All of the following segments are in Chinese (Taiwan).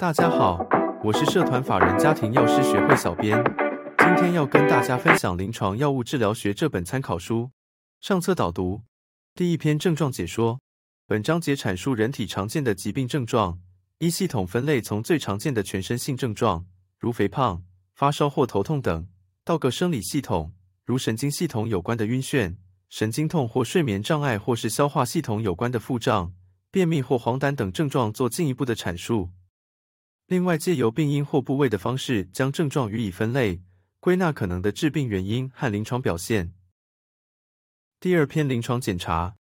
大家好，我是社團法人家庭藥師學會小編，今天要跟大家分享《臨床藥物治療學》這本參考書上冊導讀第一篇症狀解說。本章節闡述人體常見的疾病症狀，依系統分類，從最常見的全身性症狀，如肥胖、發燒或頭痛等，到各生理系統，如神經系統有關的暈眩、神經痛或睡眠障礙，或是消化系統有關的腹脹、便秘或黃疸等症狀，做進一步的闡述。另外，借由病因或部位的方式，將症狀予以分類，歸納可能的致病原因和臨床表現。第二篇臨床檢查，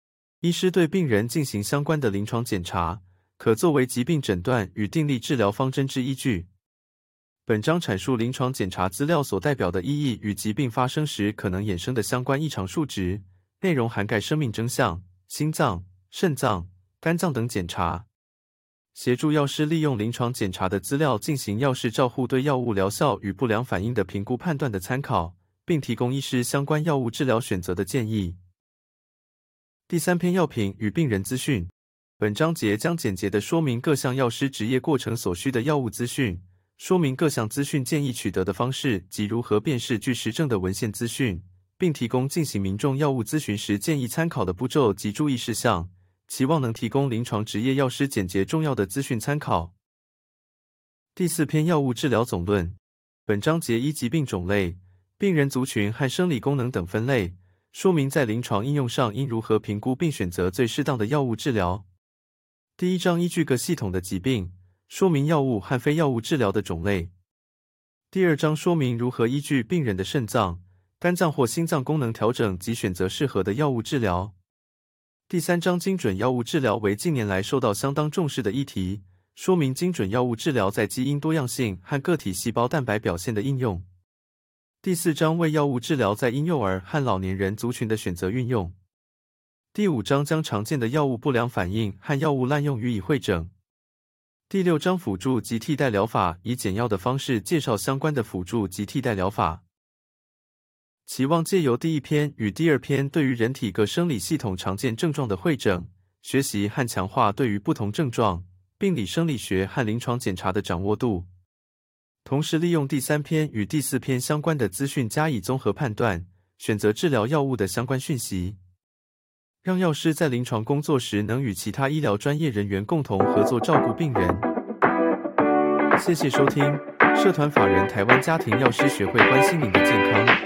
醫師對病人進行相關的臨床檢查，可作為疾病診斷與訂立治療方針之依據。本章闡述臨床檢查資料所代表的意義與疾病發生時可能衍生的相關異常數值，內容涵蓋生命徵象、心臟、腎臟、肝臟等檢查。協助藥師利用臨床檢查的資料進行藥師照護對藥物療效與不良反應的評估判斷的參考，並提供醫師相關藥物治療選擇的建議。第三篇藥品與病人資訊。本章節將簡潔地說明各項藥師執業過程所需的藥物資訊，說明各項資訊建議取得的方式及如何辨識具實證的文獻資訊，並提供進行民眾藥物諮詢時建議參考的步驟及注意事項。期望能提供臨床執業藥師簡潔重要的資訊參考。第四篇藥物治療總論，本章節依疾病種類、病人族群和生理功能等分類，說明在臨床應用上應如何評估並選擇最適當的藥物治療。第一章依據各系統的疾病，說明藥物和非藥物治療的種類。第二章說明如何依據病人的腎臟、肝臟或心臟功能調整及選擇適合的藥物治療。第三章精準藥物治療為近年來受到相當重視的議題，說明精準藥物治療在基因多樣性和個體細胞蛋白表現的應用。第四章為藥物治療在嬰幼兒和老年人族群的選擇運用。第五章將常見的藥物不良反應和藥物濫用予以彙整。第六章輔助及替代療法，以簡要的方式介紹相關的輔助及替代療法。期望借由第一篇與第二篇對於人體各生理系統常見症狀的會診學習和強化，對於不同症狀、病理生理學和臨床檢查的掌握度，同時利用第三篇與第四篇相關的資訊加以綜合判斷，選擇治療藥物的相關訊息，讓藥師在臨床工作時能與其他醫療專業人員共同合作照顧病人。謝謝收聽，社團法人台灣家庭藥師學會，關心您的健康。